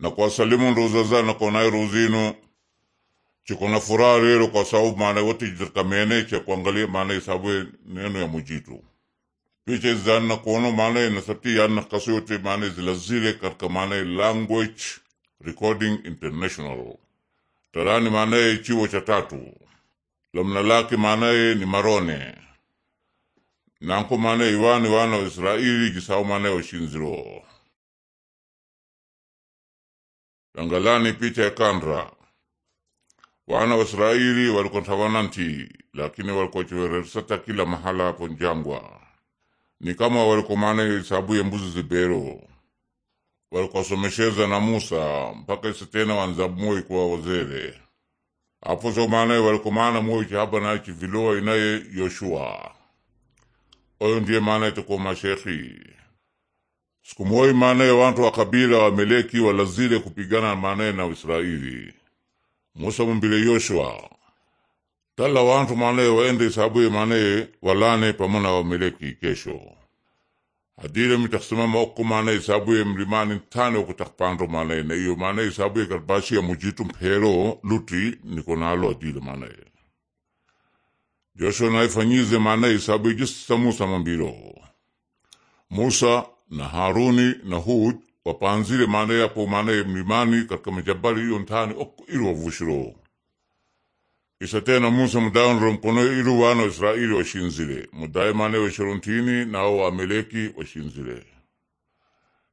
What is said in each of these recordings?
na kwasalimu nduzaza na konai ruzinu chikona furaha lelo kwa sababu maana wote jikamene cha kuangalia maana isabu neno ya mujitu picha zana na kuona maana inasati ya na kaso yote maana zilazile katika maana language recording international tarani maana chiwo cha tatu lamna lake maana ni marone nanko maana iwani wana wa Israeli jisau maana washinziro langalani picha ya kandra wana wa Israeli walikotawana nti lakini walikuwa kila mahala hapo njangwa ni kama walikomana sababu isabu ya mbuzi zibero walikuwa somesheza na Musa mpaka isa tena wanzabu kwa wazere apo so maana walikuwa moyo moi na chiviloa inaye Yoshua oyo ndiye maana itakuwa mashekhi siku moyi manaye wantu wa kabila wa Meleki walazile kupigana manaye na Israeli. Musa mumbile Yoshua tala wantu manaye waende isabuye manaye walane pamona wa Meleki kesho adile mitasimama okko manaye isabuye mlimani tane okutakpandu manaye na iyo manaye isabuye kalbashi ya mujitu mpero luti nikonalo adile manaye Yoshua naifanyize manaye isabuye jisisa Musa mambilo Musa na Haruni na Hud wapanzile manaye apo mane mlimani katika majabali hiyo ntani okko iru wavushiro isa tena Musa mudaonro mkono iru wana Israeli washinzire mudaye manaye washirontini nao waameleki washinzire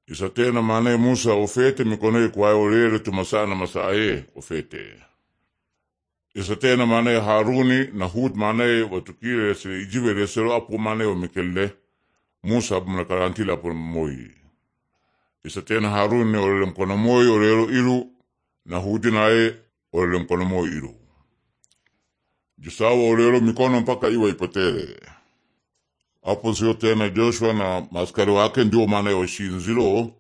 isa tena mane Musa ofete mikonoye kwaye olele tumasana masaaye ofete isa tena mane Haruni na Hud manaye watukire sire ijive resero apo manaye wamikelle Musa mnakarantila apo moi isa tena Harun ne olele mkono moi olelo ilu na Hudi naye olele mkono moi ilu Jusawa olelo mikono mpaka iwa ipotele apo sio tena Joshua na maskari wake ndio maana washinzilo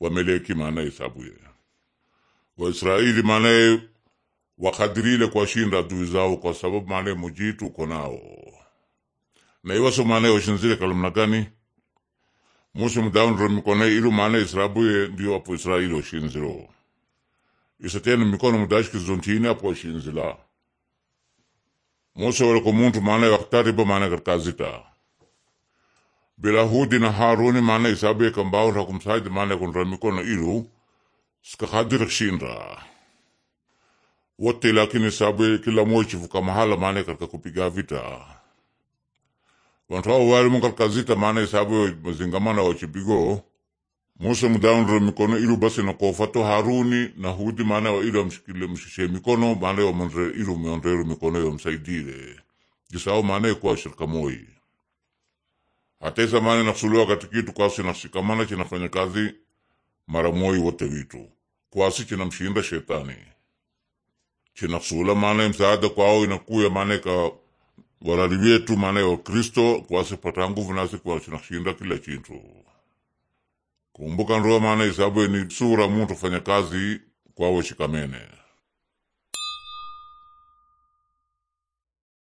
wameleki maana isabuye Waisraeli maana wakadirile kuwashinda adui zao kwa sababu maana mujitu uko nao na iwaso maana oshinzire kalomna gani mose mdaunro mikono ilu maana israbuye ndio apo israeli oshinziro isatena mikono mudashkizontini apo oshinzila mose waleko muntu maana yaktariba maana karkazita bilahudi na haruni maana isabuye kambaunra kumsaidi maana yakonra mikono ilu skahadirakshinra wote lakini isabuye kila mochivuka mahala maana karka kupiga vita vantu avo vari munkalikazita maana isavo mazingamana wa chipigo mose mudaunro mikono ilu basi nakofa to haruni na hudi maana wa ilu amshikile mshishe mikono maana wamonre ilu mionreru mikono yomsaidile jisao maana ikuwa shirika moi hata isa maana nakusuliwa katikitu kwasi nashikamana chinafanya kazi mara moi wote vitu kwasi chinamshinda shetani chinakusula maana msaada kwao inakuya maana ka walali wetu maanayo kristo kwasipata nguvu nasi kwasinashinda kila chintu kumbuka ndoa maana isabueni sura muntu fanya kazi kwaweshikamene